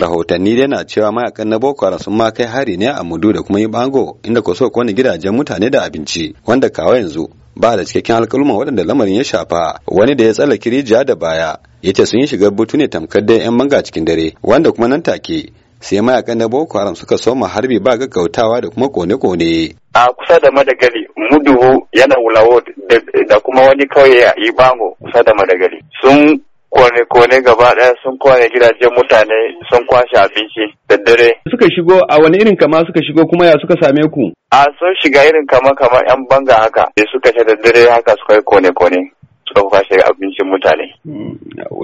rahotanni dai na cewa mayakan na boko haram sun ma kai hari ne a mudu da kuma yi bango inda ko suka kone gidajen mutane da abinci wanda kawo yanzu ba da cikakken alƙaluma waɗanda lamarin ya shafa wani da ya tsala kirija da baya ya ce sun yi shigar butu ne tamkar da 'yan banga cikin dare wanda kuma nan take sai mayakan na boko haram suka soma harbi ba gaggautawa da kuma kone-kone a kusa da madagali mudu yana wulawo da kuma wani kauye a ibango kusa da madagali sun kone-kone gaba ɗaya sun kwane gidajen mutane sun kwashe abinci da dare. Suka shigo a wani irin kama suka shigo kuma ya suka same ku? A sun shiga irin kama kama 'yan banga haka, da suka ce da dare haka suka yi kone-kone. suka kwashe abincin mutane. Hmm,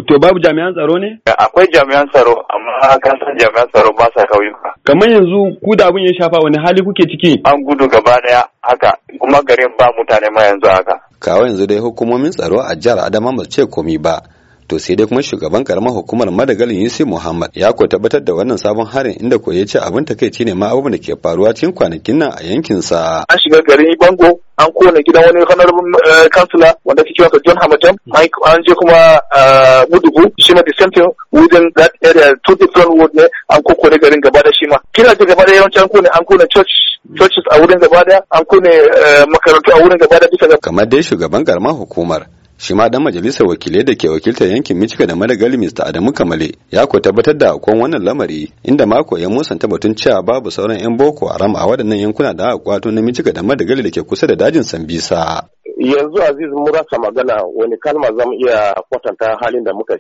to babu jami'an tsaro ne? Akwai jami'an tsaro amma kan san jami'an tsaro ba sa kauyuka. Kamar yanzu ku da abin ya shafa wani hali kuke ciki? An gudu gaba daya haka kuma garin ba mutane ma yanzu haka. Kawai yanzu dai hukumomin tsaro a jihar Adamawa ba ce komi ba. to sai dai kuma shugaban karamar hukumar madagalin yusuf muhammad ya ko tabbatar da wannan sabon harin inda ko ya ce abin ci ne ma abubuwan da ke faruwa cikin kwanakin nan a yankin sa. an shiga garin bango an kone gidan wani honorable kansila eh, wanda ke kiransa John Hamilton hmm. an je kuma eh, Mudugu shi ma the same thing within that area two different ward ne an kokone garin gaba da shi ma kina ji gaba da yawanci an kone an kone church churches a wurin gaba da an kone eh, makarantu a wurin gaba da bisa kamar dai shugaban garman hukumar shi ma dan majalisar wakilai da ke wakiltar yankin Michigan da Madagali Mr. Adamu Kamale ya ko tabbatar da akwai wannan lamari inda mako ya musanta batun cewa babu sauran yan boko haram a waɗannan yankuna da aka kwato na Michigan da Madagali da ke kusa da dajin Sambisa yanzu aziz murasa magana wani kalma zan iya kwatanta halin da muke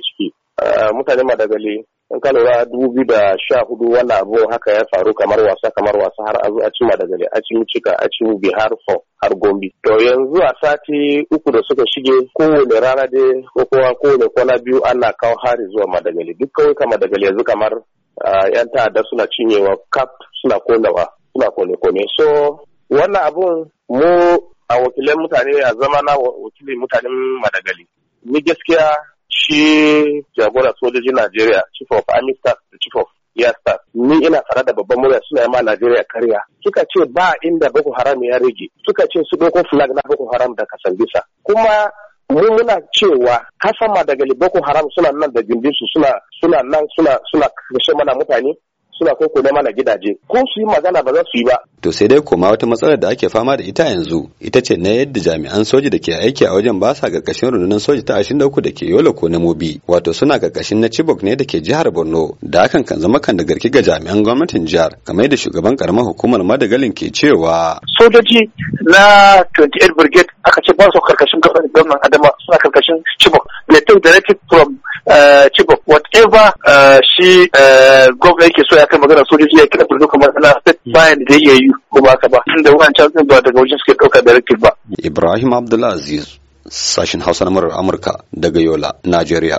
ciki eh, mutane madagali in ka lura dubu biyu da sha hudu wannan abu haka ya faru kamar wasa kamar wasa har azu a ci madagali a ci cika a ci bihar fo har gombe to yanzu a sati uku da suka shige kowane rana dai ko kowa kowane kwana biyu ana kawo hari zuwa madagali duk kawai ka madagali yanzu kamar eh, yan ta'adda suna cinyewa kap suna konawa suna kone-kone so wannan abun mu a wakilan mutane a zama na wakilin mutanen madagali ni gaskiya shi jagora sojoji najeriya chief of army staff da chief of air staff ni ina fara da babban murya suna ma najeriya karya suka ce ba inda boko haram ya rage suka ce su doko flag na boko haram da kasambisa kuma mu muna cewa kasan madagali boko haram suna nan da gindinsu suna suna nan suna suna kashe mana mutane suna na mana gidaje ko su yi magana ba za su yi ba to sai dai koma wata matsalar da ake fama da ita yanzu ita ce na yadda jami'an soji da ke aiki a wajen ba sa karkashin rundunar soji ta 23 da ke Yola ko na Mobi wato suna karkashin na Chibok ne da ke jihar Borno da hakan kan zama kan da garki ga jami'an gwamnatin jihar kamar da shugaban karamar hukumar Madagalin ke cewa sojoji na 28 brigade aka ce ba su karkashin gwamnan Adama suna karkashin Chibok they take directive from Eh, Chibok whatever eh, shi eh, gwamnati yake so ya kai magana sojoji ya kira birnin kamar ana set bayan da ya yi ko ba ka ba tunda wancan din ba daga wajen suke dauka directive ba Ibrahim Abdulaziz sashin Hausa na Amurka daga Yola Najeriya